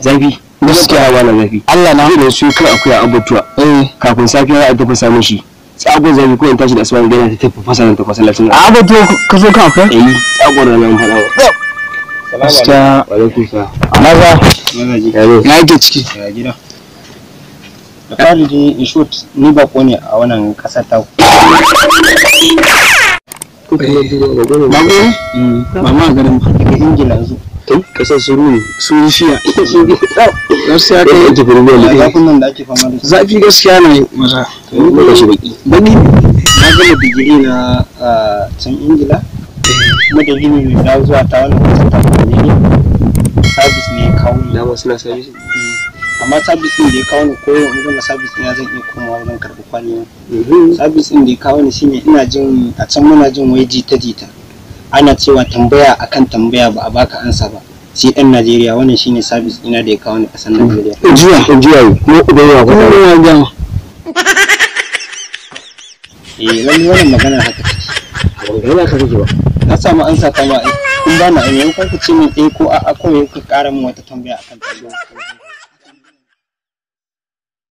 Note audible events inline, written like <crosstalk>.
zafi gaskiya ba na zafi Allah na hana su kar akuya abutuwa eh kafin safiya za a tafi samun shi tsagon zafi ko in tashi da asuba gidan ta tafi fasalan ta fasalacin a abutu ka zo kan akuya eh tsagon da nan maza na yake ciki ya gida da fari dai in short ni bako ne a wannan kasar ta Mama garin daga Ingila yanzu. kasar suru sun shiya gaskiya kai yake furgo ne zafin nan da ake fama da zafi gaskiya na maza mun da shi baki bani na gama digiri na can ingila kuma da gini mai dawo zuwa ta wannan kasar ta ne sabis ne ya kawo ni dama suna sabis mm. amma sabis ne ya kawo ni ko yau in gama sabis ne ya zan iya komawa wajen karɓi kwaliya mm-hmm. sabis ne ya kawo ni shine ina jin a can muna jin wai jita jita ana cewa tambaya akan tambaya ba a baka ansa ba shi ɗan Najeriya wannan shine sabis ina da ya kawo ni ƙasar Najeriya. Jiya jiya mu da yawa ya ga. <laughs> Eh lalle wannan magana haka ce. Ba ka kake ba. Na samu ansa ta ba kun ba na ayyukan ku ce min eh ko a'a ko ka ƙara min wata tambaya akan tambaya.